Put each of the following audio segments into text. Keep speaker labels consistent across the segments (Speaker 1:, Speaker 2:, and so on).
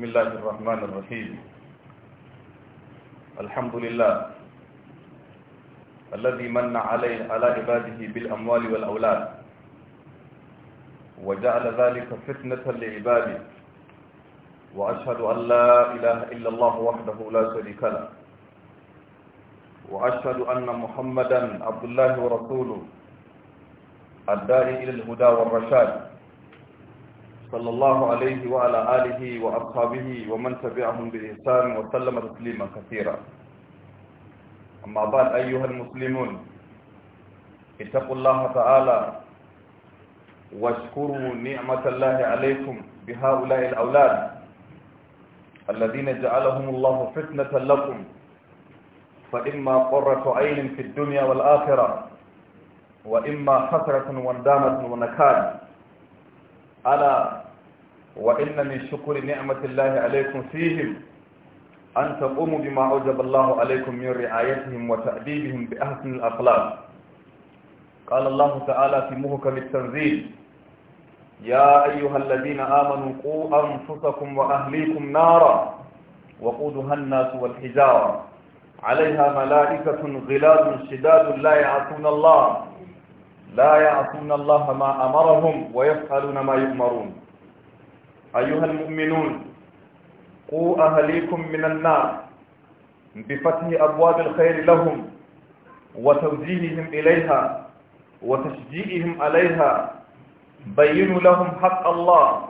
Speaker 1: بسم الله الرحمن الرحيم الحمد لله الذي من علي على عباده بالأموال والأولاد وجعل ذلك فتنة لعباده وأشهد أن لا إله إلا الله وحده لا شريك له وأشهد أن محمدا عبد الله ورسوله الداعي إلى الهدى والرشاد صلى الله عليه وعلى آله وأصحابه ومن تبعهم بإحسان وسلم تسليما كثيرا أما بعد أيها المسلمون اتقوا الله تعالى واشكروا نعمة الله عليكم بهؤلاء الأولاد الذين جعلهم الله فتنة لكم فإما قرة عين في الدنيا والآخرة وإما حسرة وندامة ونكاد ألا وإن من شكر نعمة الله عليكم فيهم أن تقوموا بما أوجب الله عليكم من رعايتهم وتأديبهم بأحسن الأخلاق قال الله تعالى في مهكم التنزيل يا أيها الذين آمنوا قوا أنفسكم وأهليكم نارا وقودها الناس والحجارة عليها ملائكة غلاد شداد لا يعصون الله لا يعصون الله ما أمرهم ويفعلون ما يؤمرون أيها المؤمنون قو أهليكم من النار بفتح أبواب الخير لهم وتوجيههم إليها وتشجيئهم عليها بينوا لهم حق الله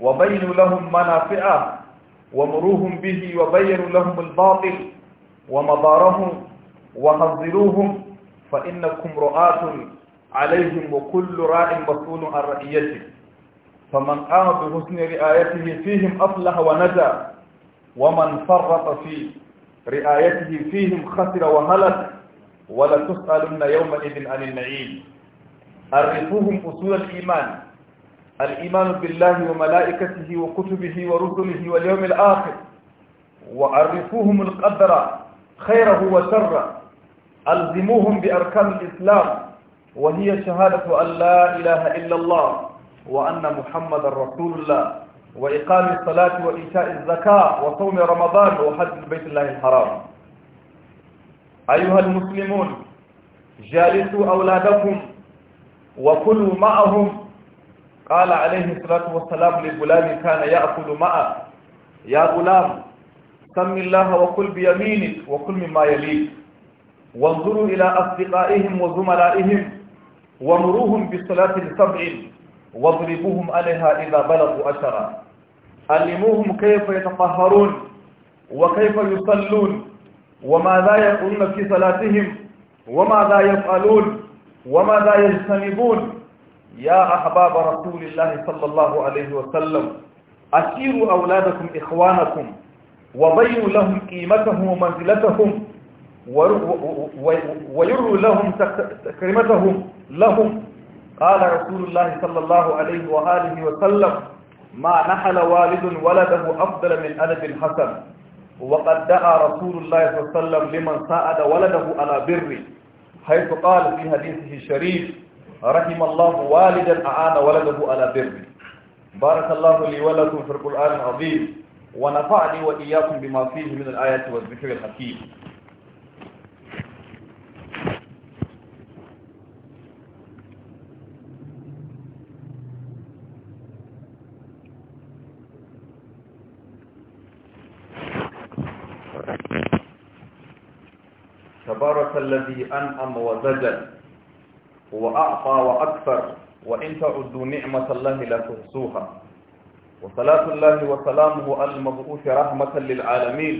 Speaker 1: وبينوا لهم منافعه ومروهم به وبينوا لهم الباطل ومضارهم وحذروهم فإنكم رؤاة عليهم وكل راء مسؤول عن رئيته فمن قام بحسن رعايته فيهم أفلح ونجا ومن فرط في رعايته فيهم خسر وهلك ولتسألن يومئذ عن النعيم عرفوهم أصول الإيمان الإيمان بالله وملائكته وكتبه ورسله واليوم الآخر وعرفوهم القدر خيره وشره ألزموهم بأركان الإسلام وهي شهادة أن لا إله إلا الله وأن محمد رسول الله وإقام الصلاة وإيتاء الزكاة وصوم رمضان وحج بيت الله الحرام أيها المسلمون جالسوا أولادكم وكلوا معهم قال عليه الصلاة والسلام للغلام كان يأكل معه يا غلام سم الله وكل بيمينك وكل مما يليك وانظروا إلى أصدقائهم وزملائهم ومروهم بالصلاة لسبع واضربوهم عليها إذا بلغوا أشرا علموهم كيف يتطهرون وكيف يصلون وماذا يقولون في صلاتهم وماذا يفعلون وماذا يجتنبون يا أحباب رسول الله صلى الله عليه وسلم أسيروا أولادكم إخوانكم وضيوا لهم قيمتهم ومنزلتهم ويروا لهم تكريمتهم لهم قال رسول الله صلى الله عليه وآله وسلم ما نحل والد ولده أفضل من أدب الحسن وقد دعا رسول الله صلى الله عليه وسلم لمن ساعد ولده على بره حيث قال في حديثه الشريف رحم الله والدا أعان ولده على بره بارك الله لي ولكم في القرآن العظيم ونفعني وإياكم بما فيه من الآيات والذكر الحكيم تبارك الذي أنعم وزجل وأعطى وأكثر وإن تعدوا نعمة الله لا تحصوها وصلاة الله وسلامه المبعوث رحمة للعالمين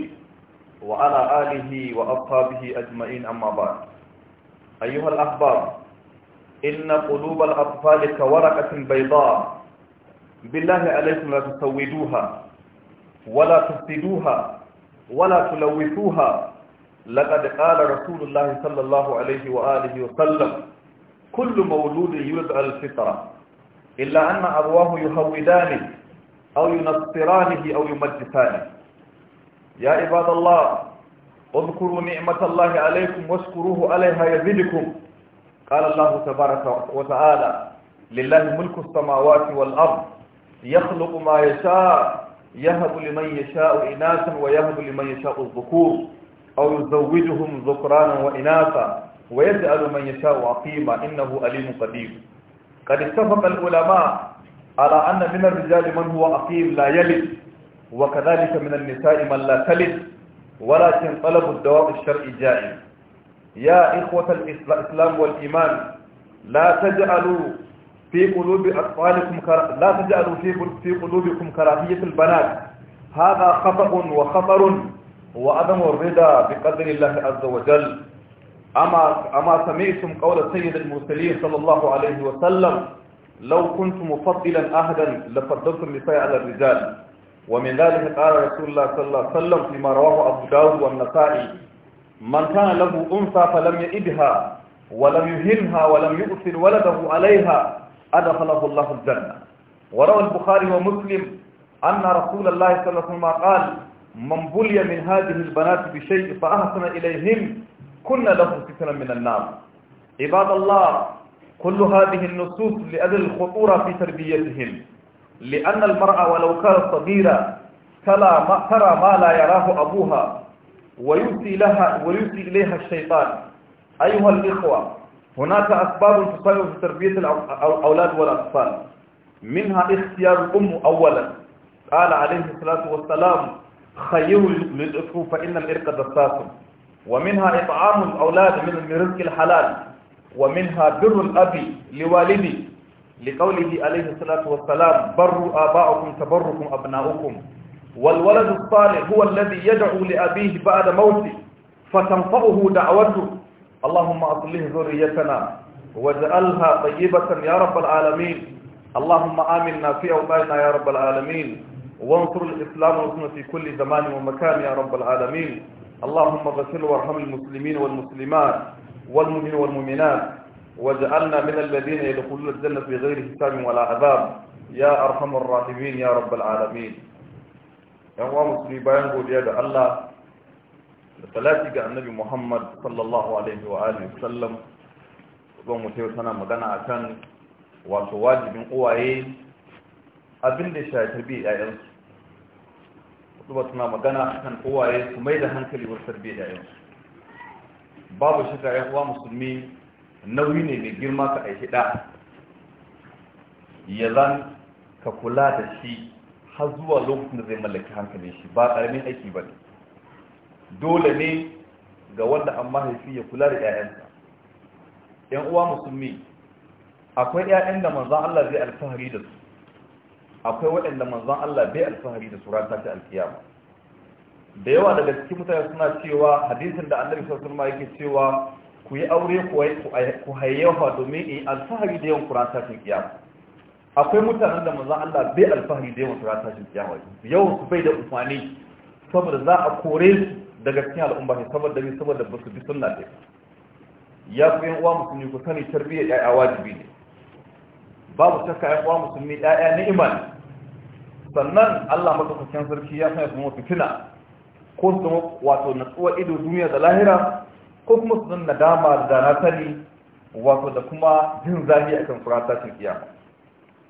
Speaker 1: وعلى آله وأصحابه أجمعين أما بعد أيها الأحباب إن قلوب الأطفال كورقة بيضاء بالله عليكم لا تسودوها ولا تفسدوها ولا تلوثوها لقد قال رسول الله صلى الله عليه وآله وسلم كل مولود يدعى الفطرة إلا أن أبواه يهودانه أو ينصرانه أو يمجسانه يا عباد الله اذكروا نعمة الله عليكم واشكروه عليها يزدكم قال الله تبارك وتعالى لله ملك السماوات والأرض يخلق ما يشاء يهب لمن يشاء إناثا ويهب لمن يشاء الذكور أو يزوجهم ذكرانا وإناثا ويجعل من يشاء عقيما إنه أليم قدير قد اتفق العلماء على أن من الرجال من هو عقيم لا يلد وكذلك من النساء من لا تلد ولكن طلب الدواء الشرعي جائز يا إخوة الإسلام والإيمان لا تجعلوا في قلوب أطفالكم كرا... لا تجعلوا في في قلوبكم كراهية البنات هذا خطأ وخطر وعدم الرضا بقدر الله عز وجل أما, أما سمعتم قول سيد المرسلين صلى الله عليه وسلم لو كنت مفضلا أهدا لفضلت النساء على الرجال ومن ذلك قال رسول الله صلى الله عليه وسلم فيما رواه أبو داود والنسائي من كان له أنثى فلم يئدها ولم يهنها ولم يؤثر ولده عليها أدخله الله الجنة وروى البخاري ومسلم أن رسول الله صلى الله عليه وسلم قال من بلي من هذه البنات بشيء فأحسن إليهم كنا له سترا من النار عباد الله كل هذه النصوص لأجل الخطورة في تربيتهم لأن المرأة ولو كانت صغيرة ترى ما لا يراه أبوها ويؤتي لها ويؤتي إليها الشيطان أيها الإخوة هناك أسباب تساهم في تربية الأولاد والأطفال منها اختيار الأم أولا قال عليه الصلاة والسلام خير للأسفو فإن الإرق دساس ومنها إطعام الأولاد من رزق الحلال ومنها بر الأب لوالده لقوله عليه الصلاة والسلام بروا آباءكم تبركم أبناؤكم والولد الصالح هو الذي يدعو لأبيه بعد موته فتنفعه دعوته اللهم أصلح ذريتنا واجعلها طيبة يا رب العالمين اللهم آمنا في أوطاننا يا رب العالمين وانصر الإسلام والمسلمين في كل زمان ومكان يا رب العالمين اللهم اغفر وارحم المسلمين والمسلمات والمؤمنين والمؤمنات واجعلنا من الذين يدخلون الجنة بغير حساب ولا عذاب يا أرحم الراحمين يا رب العالمين yan uwa musulmi bayan godiya da Allah da talati ga annabi Muhammad sallallahu alaihi wa alihi sallam don mutum sana magana akan wato wajibin uwaye abin da shafi bi ƴaƴansu zuba suna magana kan uwaye su mai da hankali wasu tarbiyyar yau. babu shakka ya uwa musulmi nauyi ne mai girma ka aiki da ya zan ka kula da shi har zuwa lokacin da zai mallaki hankalin shi ba ƙaramin aiki ba ne dole ne ga wanda an mahaifi ya kula da 'ya'yansa 'yan uwa musulmi akwai 'ya'yan da manzan Allah zai alfahari da su akwai waɗanda manzon Allah bai alfahari da su ran tashi alkiyama da yawa daga cikin mutane suna cewa hadisin da annabi sallallahu alaihi yake cewa ku yi aure ku hayyafa domin in alfahari da yawan kuran tashin alkiyama akwai mutanen da manzon Allah bai alfahari da yawan kuran tashin alkiyama yawan su bai da umfani saboda za a kore su daga cikin al'umma ne saboda ne saboda ba su bi sunna ɗaya ya fi yan uwa musulmi ku sani tarbiyyar ya'ya wajibi ne babu shakka ƴan uwa musulmi ƴaƴa ni'ima sannan Allah madaukakin sarki ya sanya su fitina ko su zama wato natsuwa ido duniya da lahira ko kuma su zan nadama da na sani wato da kuma jin zafi akan furata cin kiyama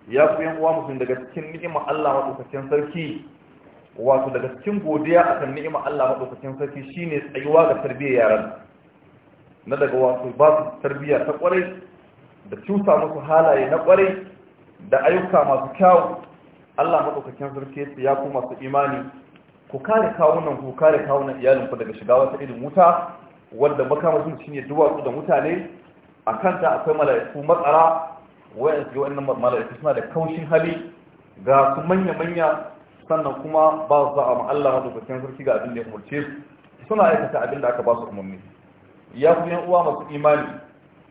Speaker 1: ya ku yan uwa musulmi daga cikin ni'ima Allah madaukakin sarki wato daga cikin godiya akan ni'ima Allah madaukakin sarki shine tsayuwa ga tarbiyyar yaran na daga wato ba su tarbiyya ta kwarai da cusa musu halaye na kwarai da ayyuka masu kyawu Allah madaukakin zurke su ya kuma su imani ku kare kawunan ku kare kawunan iyalinku daga shiga wata irin wuta wanda makamashin ne duwatsu da mutane a kanta akwai mala'iku matsara wayan su wa'in mala'iku suna da kaushin hali ga su manya manya sannan kuma ba su za'a Allah madaukakin sarki ga abin da ya umurce su suna aikata abin da aka ba su umarni ya kuma yan uwa masu imani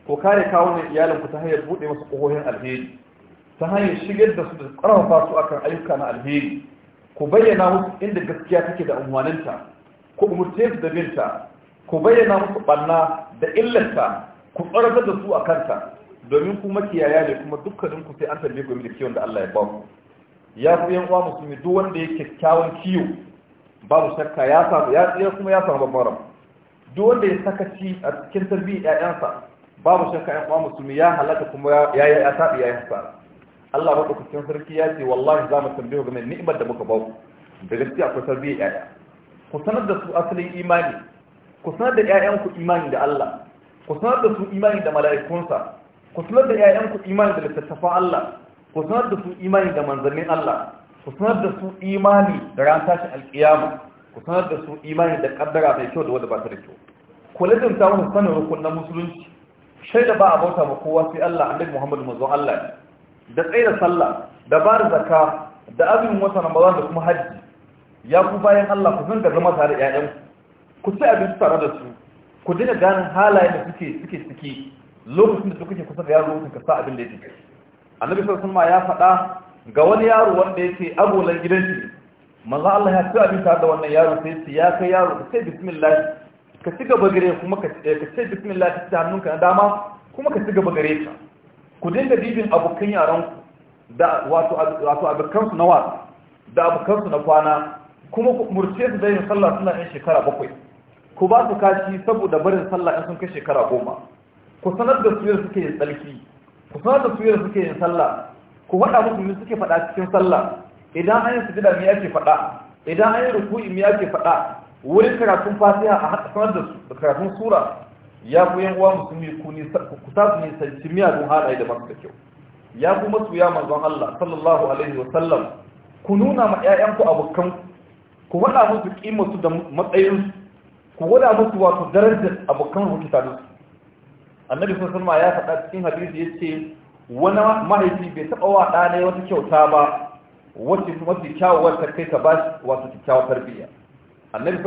Speaker 1: ko kare kawo ne iyalinku ta hanyar buɗe masu kohohin alheri ta hanyar shigar da su da ƙarfafa su akan ayyuka na alheri ku bayyana musu inda gaskiya take da umarninta ku umurce su da binta ku bayyana musu ɓanna da illarta ku tsarafa da su a kanta domin ku makiyaya ne kuma dukkanin ku sai an tarbe ku da kiyon da Allah ya ba ya fi yan uwa musulmi duk wanda yake kyakkyawan kiwo babu shakka ya samu ya kuma ya samu babban duk wanda ya saka ci a cikin tarbiyyar 'ya'yansa. babu shakka ya uwa musulmi ya halaka kuma ya yi ya tabi ya yi hasara Allah ba kusurcin sarki ya ce wallahi za mu tambaye game ni'imar da muka bau da gaskiya akwai tarbiyyar yaya ku sanar da su asalin imani ku sanar da 'ya'yanku imani da Allah ku sanar da su imani da mala'ikunsa ku sanar da 'ya'yanku imani da littattafan Allah ku sanar da su imani da manzannin Allah ku sanar da su imani da ran tashin alƙiyama ku sanar da su imani da kaddara mai kyau da wanda ba ta da kyau ku lazimta mu sanin rukunan musulunci shaida ba a bauta ma kowa sai Allah annabi Muhammadu zuwa Allah da tsaida sallah da bar zakka da azumin wata Ramadan da kuma haji ya ku bayan Allah ku zanga zama tare da ƴaƴan ku ci abinci tare da su ku dina ganin halayen da suke suke suke lokacin da su kuke kusa da yaro kun ka sa abin da yake annabi sallallahu alaihi wasallam ya faɗa ga wani yaro wanda yake abolan gidanki manzo Allah ya ci abinci tare da wannan yaro sai ya kai yaro sai bismillah ka ci gaba gare kuma eh, ka ce bismillah ta hannunka na dama kuma ka ci gaba gare ta ku dinga bibin abokan yaran da wato wato abokan su na wa, da abokan su na kwana kuma ku murce su da yin sallah suna yin shekara bakwai ku ba su kashi saboda barin sallah in sun kai shekara goma ku sanar da su yadda suke yin tsarki ku sanar da su yadda suke yin sallah ku faɗa musu me suke faɗa cikin sallah idan an yi sujada me yake faɗa idan an yi rukuni me yake faɗa wurin karatun fatiha a sanar da su da karatun sura ya ku yan uwa musulmi ku sa su miya miyagun halaye da masu da kyau ya ku masu ya manzon Allah sallallahu alaihi wa sallam ku nuna ma ƴaƴanku abokan ku wada musu kima su da matsayin ku wada musu wato darajar abokan ku ta da annabi sallallahu alaihi ya faɗa cikin hadisi yace wani mahaifi bai taɓa wa ɗa ne wata kyauta ba wacce kuma kyawawar ta kai ka ba wato kyakkyawar tarbiyya annabi